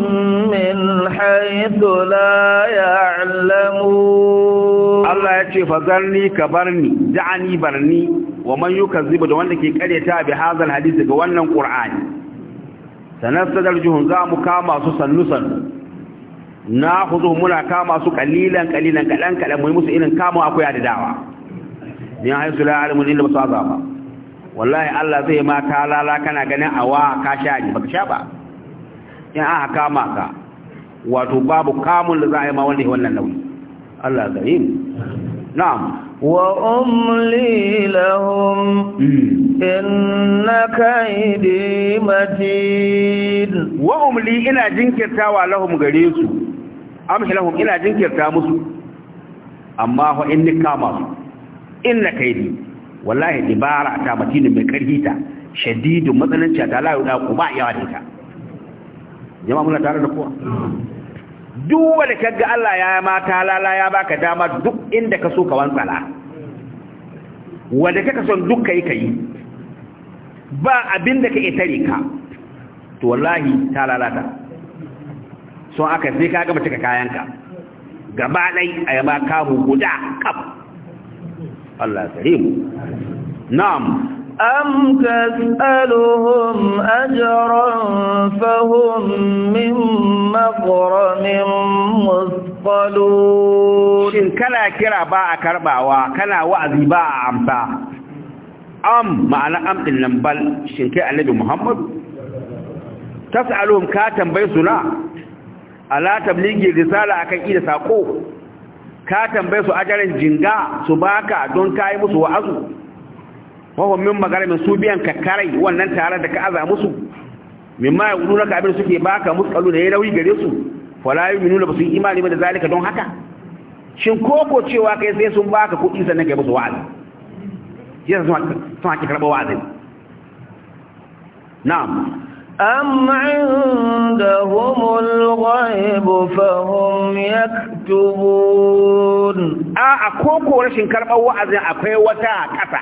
من حيث لا يعلمون الله يكي فذرني كبرني دعني برني ومن يكذب ده wanda ke karyata bi hadal hadisi ga wannan qur'ani sanastadrijuhum za mu kama su sannusan na huzu muna kama su kalilan kalilan kalan kalan mu musu irin kama akwai adadawa ni haisu la wallahi Allah zai ma ta lala kana ganin awa ka sha ji baka sha ba in aka kama ka wato babu kamun da za a yi ma wanda ya wannan nauyi Allah garin na'am wa umli lahum hmm. inna kaydi matid wa umli ina jinkirta wa lahum gare su amshi lahum ina jinkirta musu amma fa inni kama inna kaydi wallahi dibara ta matinin mai karfi ta shadidu matsalanci ta la yuda ku ba yawa da ita jama'a muna tare da kowa duk wanda kaga Allah ya ma ta lala ya baka dama duk inda ka so ka wantsala wanda kaka son duk kai kai ba abin da ka tare ka to wallahi ta lalata so aka sai ka gaba cika kayanka gaba dai a kamu guda kafa الله كريم نعم أم تسألهم أجرا فهم من مغرم مثقلون إن كلا كلا باع كربا وكلا وعزي باع عمبا أم معنى أم إن لم النبي محمد تسألهم كاتم بيسنا ألا تبليغي رسالة أكا إيدي ساقوه ka tambaye su ajarin jinga su baka don ka yi musu wa'azu wahon min magarimin su biyan kakkarai wannan tare da ka aza musu min ma yau abin suke baka musu da ya nauyi gare su fala yi nuna ba su yi imani da zalika don haka shin koko cewa kai sai sun baka kuɗi sannan kai musu wa'azi yasa sun haƙi karɓar wa'azi. na'am أم عندهم الغيب فهم يكتبون أكوكو رشن كربا وعزي أكوي وتا كفا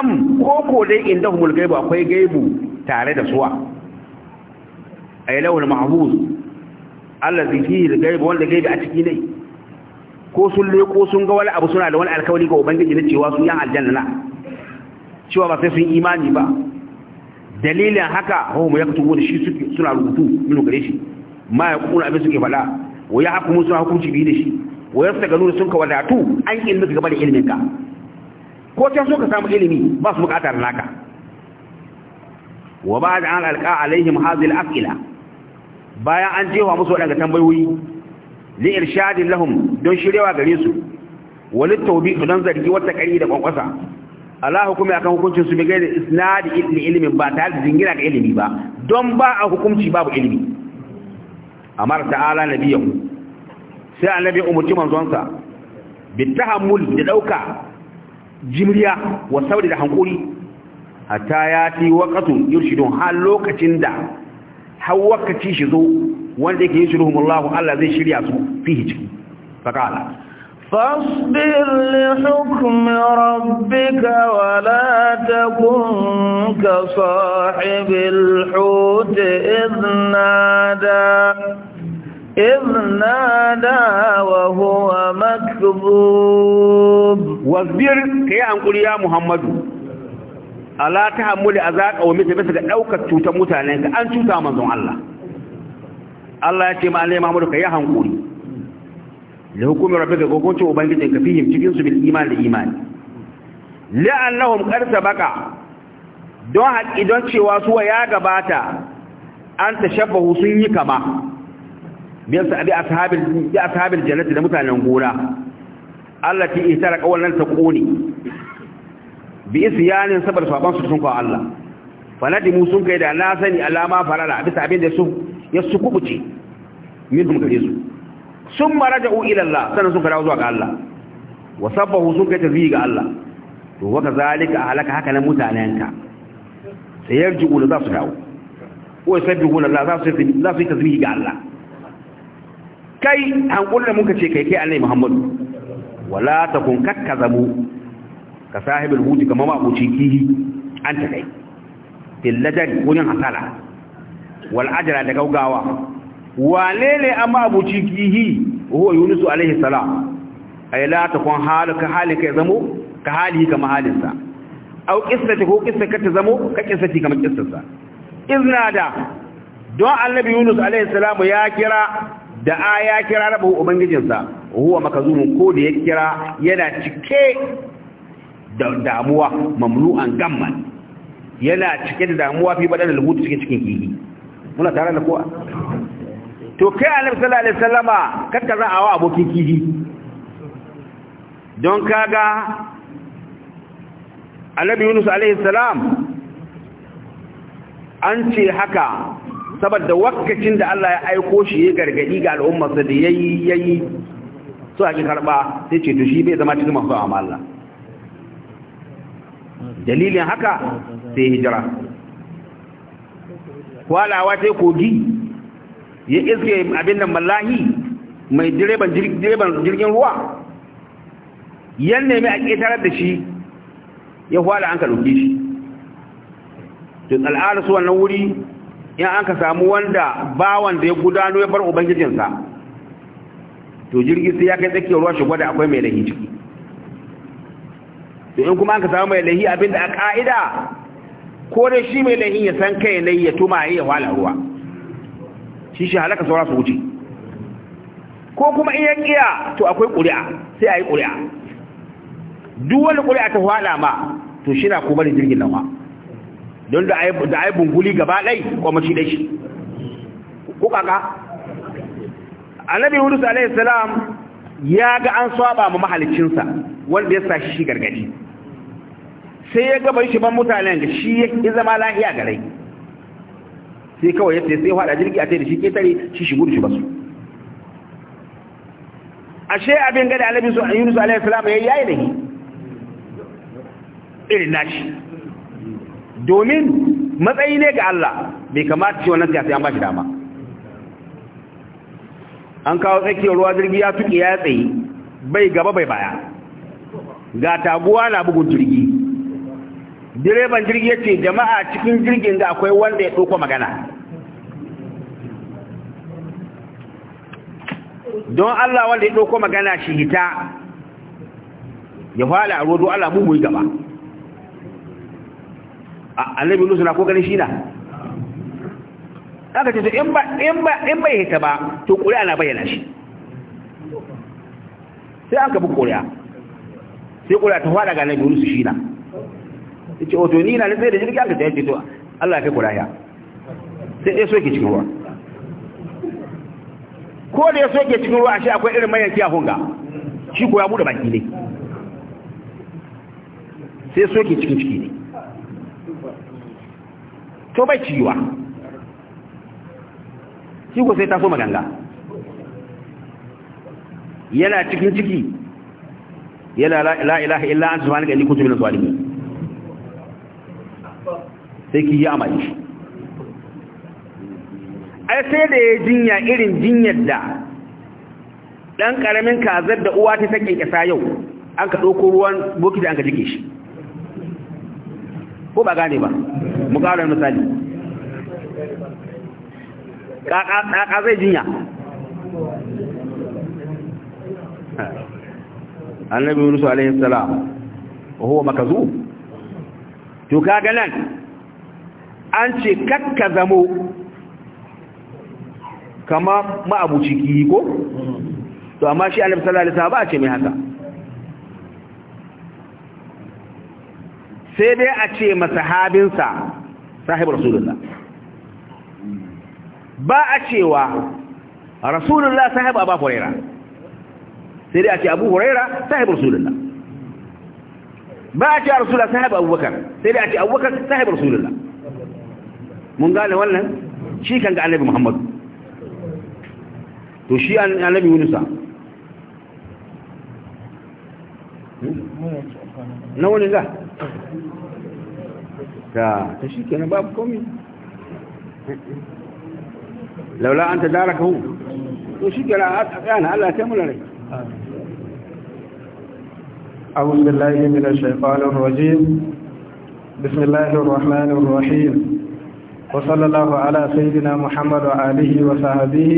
أم كوكو دي عندهم الغيب أكوي غيب تاريد سوا أي لو المحفوظ الذي فيه الغيب وان الغيب أتكيني ko sun le ko sun ga wani abu suna da wani alkawari ga ubangiji na cewa su yan aljanna cewa ba sai sun imani ba dalilin haka hum oh, wani shi suna rubutu minu gare shi ma abin suke fada wa yahkumu suna hukunci biyu da shi wa nuna sun ka wadatu an inda gaba da ilimin ka ko can so ka samu ilimi ba su bukatar naka wa ba'd an alqa alaihim hadhihi al bayan an jewa musu waɗanda tambayoyi li irshadin lahum don shirewa gare su wani tawbi don zargi wata kari da kwankwasa ala hukumi akan hukuncin su bigai da isnadi ilmi ilmin ba ta da jingira ga ilimi ba don ba a hukunci babu ilimi amara ta'ala nabiyahu sai annabi umurci manzonsa bitahammul da dauka jimriya wa sabri da hankuri hatta yati waqatu yurshidun har lokacin da har wakati shi zo wanda yake yurshidhumullahu Allah zai shirya su fihi ciki فاصبر لحكم ربك ولا تكن كصاحب الحوت إذ نادى إذ نادى وهو مكذوب واصبر كي أنقل يا محمد ألا تحمل أذاك أو مثل مثل أوكت تتموت عليك أن تتامن الله Allah ya ce ma Allah Muhammadu ka yi hankuri da hukumar rabbika ko kunce ubangijin ka fihim cikin su bil iman da imani la'annahum qad baka don haƙi don cewa suwa ya gabata an tashabbahu sun yi kama biyan sa bi ashabil bi ashabil jannati da mutanen gona Allah allati nan ta taquni bi isyanin sabar saban su sun ko Allah fanadimu sun kai da na sani alama farala bisa abin da su ya su kubuce min hum gare su sun maraja'u ila sannan sun dawo zuwa ga Allah wa sabbahu sun kai tazbihi ga Allah to waka zalika halaka haka nan mutanenka sai yarji'u za su dawo ko sabbihu Allah za su za su yi tazbihi ga Allah kai hankul da muka ce kai kai Annabi Muhammad wala takun kakkazabu ka sahibul huji kama ma abuci kihi an ta kai fil ladari wurin hasala wal ajra da gaugawa wane ne amma abuci kihi huwa yunusu alaihi salam yi la takun halaka halika ya zamo ka halihi kama halinsa au ta ko ka ta zamo ka qissati kama sa. izna da don annabi yunus alaihi salam ya kira da a ya kira rabu ubangijinsa huwa makazumun ko da ya kira yana cike da damuwa mamlu'an gamman yana cike da damuwa fi badan al-hut cikin kihi muna tare da kowa to kai annabi sallallahu alaihi wasallama kakka ta a abokin kifi don kaga annabi Yunus alaihi salam an ce haka saboda wakacin da Allah ya aiko shi ya gargadi ga al'ummarsa da yayi yayi su haƙi karba sai ce to shi bai zama cikin masu amalla dalilin haka sai hijira kwalawa sai kogi ya iske abin nan mallahi mai direban jirgin ruwa yan nemi a ƙetarar da shi ya hwala an ka ɗauke shi tun al'adar su wannan wuri yan an ka samu wanda bawan da ya gudano ya bar ubangijinsa to jirgin sai ya kai tsakiyar ruwa shi gwada akwai mai lahi ciki to in kuma an ka samu mai lahi da a ƙa'ida ko da shi mai lahi ya san kai ne ya tuma ya hwala ruwa shi shi halaka saura su wuce ko kuma iya kiya to akwai ƙuri'a sai a yi ƙuri'a duk wani ƙuri'a ta hwada ma to shi na kuma da jirgin nan don da a yi bunguli gaba ɗai kwamaci da shi ko kaka annabi hudu alaihi ya ga an saba ma mahalicinsa wanda ya sa shi gargadi sai ya gaba shi ban mutane ga shi ya zama lahiya ga rai sai kawai ya sai hada jirgi a tai da shi ketare shi shigo da shi basu ashe abin gada annabi su ayyun su alaihi salam yayi yayi yi irin nashi domin matsayi ne ga Allah bai kamata shi wannan siyasa an ba dama an kawo tsakiyar ruwa jirgi ya tuke ya tsaye bai gaba bai baya ga taguwa na bugun jirgi direban jirgi ya ce jama'a cikin jirgin da akwai wanda ya ɗauko magana don Allah wanda ya ɗauko magana shi hita ya fara a rodo Allah mu yi gaba annabi nusu na kogani shi na aka ce in bai hita ba to ƙuri'a na bayyana shi sai aka bi ƙuri'a sai ƙuri'a ta fara ga annabi nusu shi na ce o oh, to ni ina sai da jirgi aka ta yace to Allah ya kai kuraya sai dai soke cikin ruwa ko da ya soke cikin ruwa shi akwai irin mayan kiya hunga shi ko ya bude baki ne sai soke cikin ciki ne to bai ciwa shi ko sai ta so maganga yana cikin ciki yana la ilaha illa anta subhanaka inni kuntu minaz zalimin sai ki yi amali shi ai sai da ya jinya irin jinyar da ɗan ƙaramin kazar da uwa ta sakin ƙasa yau an ka ɗauko ruwan bokiti an ka jike shi ko ba gane ba mu ƙawar misali ƙaƙa zai jinya annabi yunus alaihi salam maka makazu to kaga nan an ce kakka zamo kama ma'abuci kiyi ko to amma shi annabi sallallahu alaihi wasallam ba ce mai haka sai dai a ce masahabinsa sahib rasulullah ba a cewa rasulullah sahib abu huraira sai dai a ce abu huraira sahib rasulullah ba a ce rasulullah sahib abubakar sai dai a ce abubakar sahib rasulullah من قال ولا شي كان قال النبي محمد تو شي ان النبي يونس نقول لا تا تشي كان باب قومي لا انت دارك داركه تو شي قال انا الله تملى لي أعوذ بالله من الشيطان الرجيم بسم الله الرحمن الرحيم وصلى الله على سيدنا محمد وآله وصحبه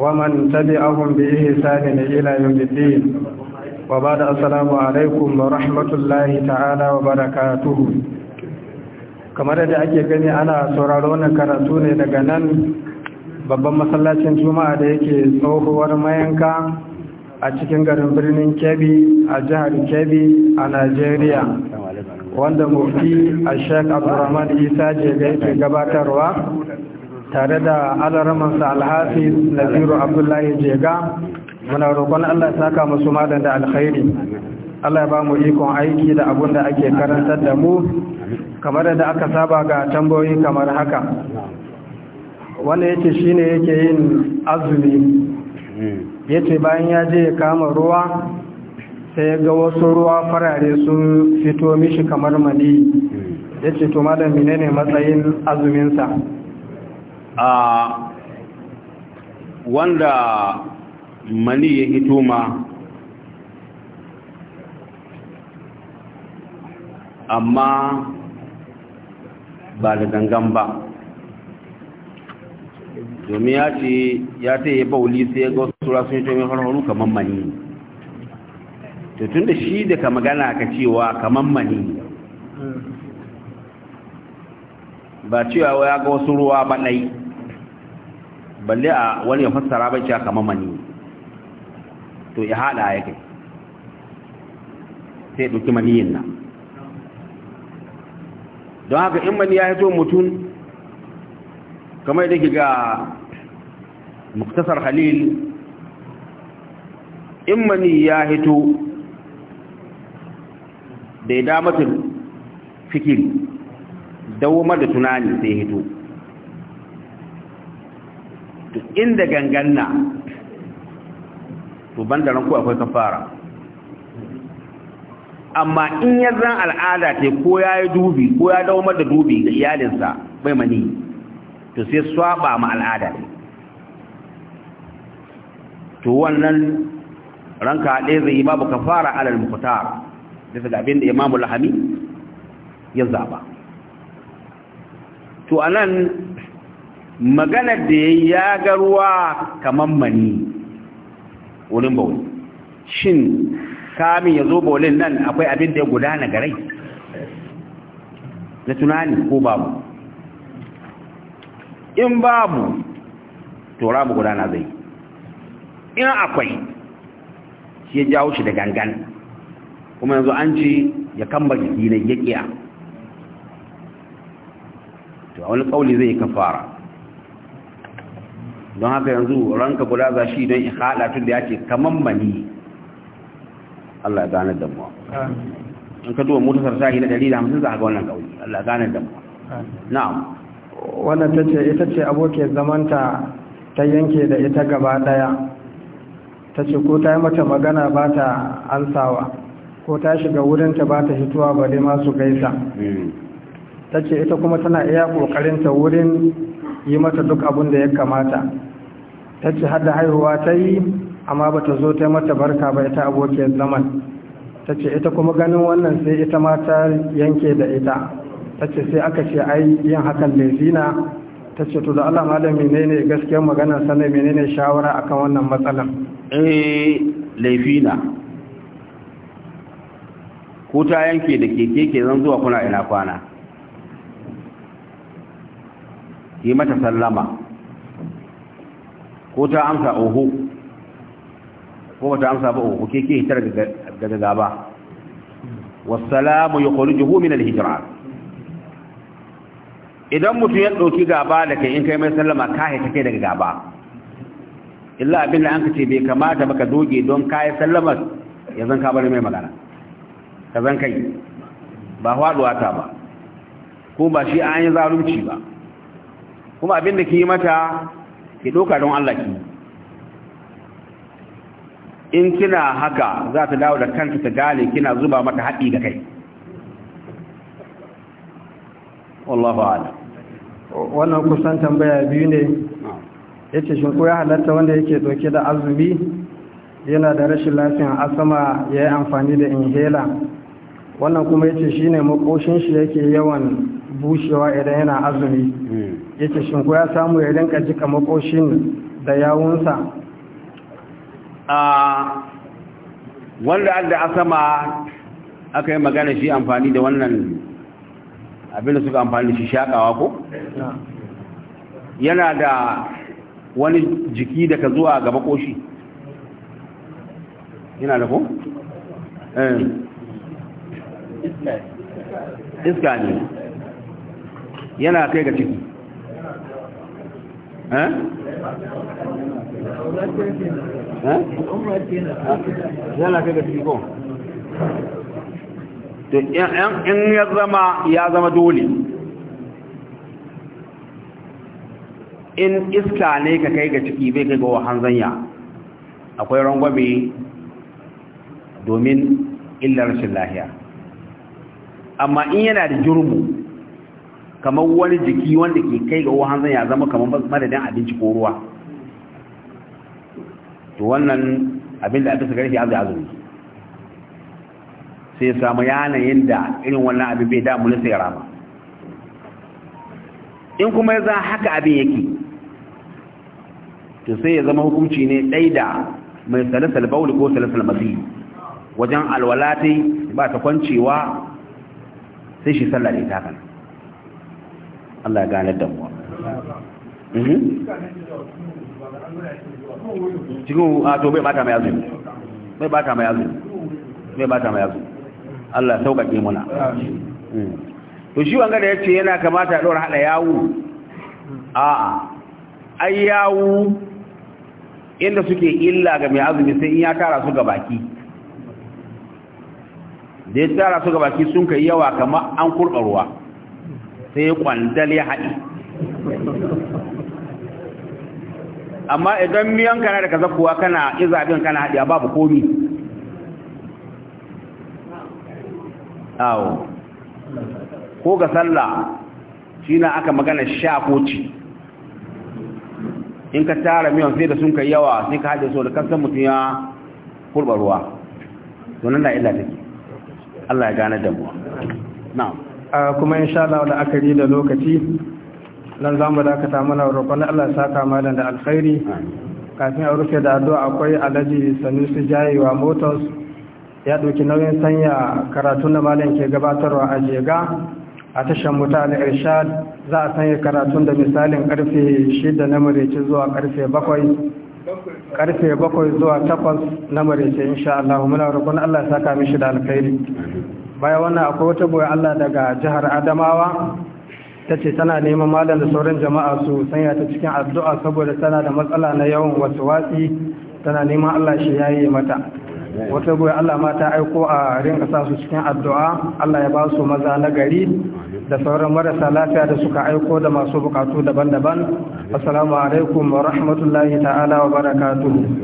ومن تبعهم بإحسان إلى يوم الدين وبعد السلام عليكم ورحمة الله تعالى وبركاته kamar yadda ake gani ana sauraro wannan karatu ne daga nan babban masallacin juma'a da yake tsohuwar mayanka a cikin garin birnin kebbi a jihar kebbi a najeriya wanda mufi a shek abdurrahman isa je ga yake gabatarwa tare da alaramansa Alhafi naziru abdullahi jega muna roƙon allah ya saka musu madan da alkhairi allah ya ba mu ikon aiki da abun da ake karantar da mu kamar da aka saba ga tambayoyi kamar haka wanda yake shine yake yin azumi yace bayan ya je ya kama ruwa sai ga wasu ruwa farare sun fito mishi kamar mani ya ce to mine menene matsayin azuminsa a wanda mani ya hito ma amma ba da gangan ba domin ya ce ya ta yi bauli sai ga wasu ruwa sun yi tomin harharu kamar mani to tun da shi da ka magana ka cewa kamar mani ba cewa ya ga wasu ruwa ba ɗai balle a wani ya fassara ba cewa kamar mani to ya haɗa ya kai sai ɗauki maniyin nan don haka in mani ya hito mutum kamar da ga muktasar halil in mani ya hito da ya damatin fikiri dawomar da tunani sai hito to inda ganganna to ban da ranku akwai kafara amma in ya zan al'ada ce ko ya yi dubi ko ya dawomar da dubi ga iyalinsa bai mani to sai swaba ma al'ada to wannan ranka ɗaya zai yi babu kafara alal mukhtar bisa ga abin da imamu lahami ya zaba to anan maganar da ya ga ruwa kamar mani wurin bauli shin kamin ya zo baulin nan akwai abin da ya gudana garai na tunani ko babu in babu to mu gudana zai in akwai shi ya jawo shi da gangan kuma yanzu an ce ya kamba jiki ne ya kiya to a wani tsauli zai kan fara don haka yanzu ranka guda za shi don ihada tun da ya ce kaman mani Allah ya gane da mu in ka duba sarsa shi na hamsin za a ga wannan kauli Allah ya gane da mu na'am wannan ce ita ce abokin zamanta ta yanke da ita gaba daya ce ko ta yi mata magana ba ta ansawa ko ta shiga wurinta ba ta hituwa ba dai masu gaisa hmm. ta ce ita kuma tana iya ƙoƙarinta wurin yi mata duk abin da ya kamata ta ce hada haihuwa ta yi amma ba ta zo ta yi mata barka ba ita abokin zaman ta ce ita kuma ganin wannan sai ita mata yanke da ita ta ce sai aka ce ai yin hakan da zina ta ce to da Allah malam menene gaskiyar maganar ne menene shawara akan wannan matsalan eh laifina ko ta yanke da keke ke zan zuwa kuna ina kwana ki mata sallama ko ta amsa oho ko ta amsa ba oho keke hitar daga gaba wasalamu Salamu kori juhu min alhijra idan mutum ya ɗauki gaba da kai in kai mai sallama ka hita kai daga gaba illa abin da an ka ce bai kamata maka doge don kayi sallamar yanzu ka bar mai magana kazan kai ba faduwa ba ko ba shi an yi zalunci ba kuma abin da ki yi mata ki doka don Allah ki in kina haka za ta dawo da kanta ta gane kina zuba mata haɗi ga kai wallahu wannan kusan tambaya biyu ne yace shin ko ya halatta wanda yake doke da azumi yana da rashin lafiya asama ya yi amfani da inhaler wannan kuma yace shine makoshin shi yake yawan bushewa idan yana azumi hmm. yace shin ko ya samu ya rinka jika makoshin da yawunsa a ah, wanda Allah a sama akai magana shi amfani da wannan abin da suka amfani shi shakawa ko yana da wani jiki da ka zuwa gaba koshi yana da ko eh iska ne yana kai ga ciki eh? Eh? yana kai ga ciki ko in ya zama ya zama dole in iska ne ka kai ga ciki bai kai ga wahan zanya akwai rangwame domin illar rashin lahiya amma in yana da jirgin kamar wani jiki wanda ke kai ga wahan zan ya zama kamar madadin abinci ko ruwa to wannan abin da aka sagar shi azu azumi sai samu yanayin da irin wannan abin bai damu na sai rama in kuma ya za haka abin yake to sai ya zama hukunci ne ɗai da mai salasal bauli ko salasal masi wajen alwalatai ba ta kwancewa sai shi sallah da ita kan Allah ya gane da mu mhm. cikin a to bai bata mai azumi bai bata mai azumi bai bata mai azumi Allah sauƙaƙe muna mhm. to shi wanga da yace yana kamata dora hada yawo a'a ai yawo inda suke illa ga mai azumi sai in ya tara su ga baki da ya tara su baki sun kai yawa kamar an kurɓa ruwa sai kwandal ya haɗi amma idan miyan kana da kaza kuwa kana izabin kana haɗi a babu komi awo ko ga sallah shi na aka magana sha ko ci in ka tara miyan sai da sun kai yawa sai ka haɗe so da kasan mutum ya kurɓa ruwa to na illa take Allah ya gane da mu na'am kuma insha Allah da akari da lokaci nan zamu dakata mana roƙon Allah sa saka malam da alkhairi kafin a rufe da addu'a akwai Alhaji Sanusi Jayewa Motors ya ɗauki nauyin sanya karatu na malam ke gabatarwa a jega a tashar mutane da za a sanya karatun da misalin karfe 6 na mareci zuwa karfe 7 karfe bakwai zuwa takwas na marece insha Allah muna roƙon Allah ya saka mishi da alkhairi bayan wannan akwai wata boye Allah daga jihar Adamawa ta ce tana neman malam da sauran jama'a su sanya ta cikin addu'a saboda tana da matsala na yawan wasu watsi tana neman Allah shi ya yi mata wata boye Allah ma ta aiko a rinka sa su cikin addu'a Allah ya ba su maza na gari da sauran marasa lafiya da suka aiko da masu bukatu daban-daban assalamu alaikum wa rahmatullahi ta'ala wa barakatuhu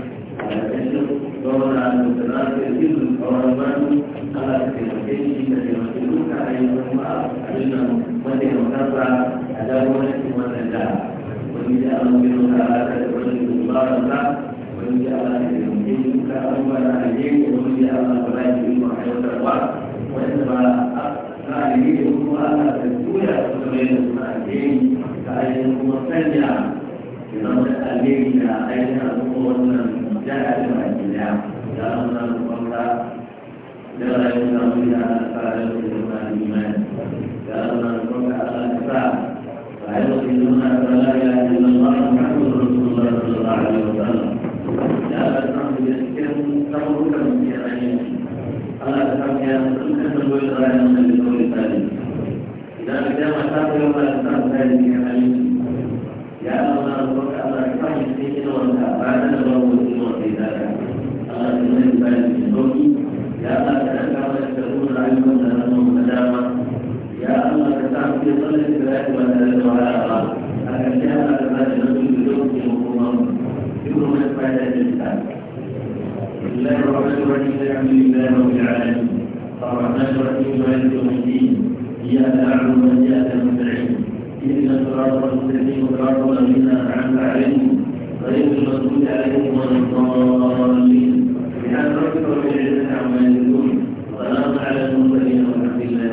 zauna da za ka yi izin sauran bani ana da taimake shi duka a yi kuma a yi nan mataimakarsa a jagorancin wannan da wani da an biyo ta alaka da wani dubararsa wani da ala da taimake shi duka a ba da aje ko wani da ala ba da yi ko aiwatarwa wanda ba a yi kuma ala da juya a da mai da a aje ta ainihin kuma sanya idan da aje da a kuma wannan جاء لما جاء يا الله القمر لا يمنع من أن أفعل بما الإيمان يا الله القمر على الكفاء فيقيمون فلا إله إلا الله محمد رسول الله صلى الله عليه وسلم يا الحمد يسكن تمرك من شيئين ألا تفهم يا مسلم أن البشرى من القول الثاني إذا كان مسافر ولا تفهم هذه الحديث يا الله ربك الله يفهم سيدنا وانت بعد الله وسيدنا وسيدنا الله يمن بين الزوجي يا الله تنفع وتكون علما لنا ومداما يا الله تسعى في صلة الصلاة وسلم على الله أكن يا الله تبارك الرجل بلغته وقومه يكون من فائدة الإنسان بسم الله الرحمن الرحيم الحمد لله رب العالمين الرحمن الرحيم مالك يوم الدين إياك نعبد وإياك نستعين إن الصراط المستقيم صراط الذين أنعمت عليهم ولا على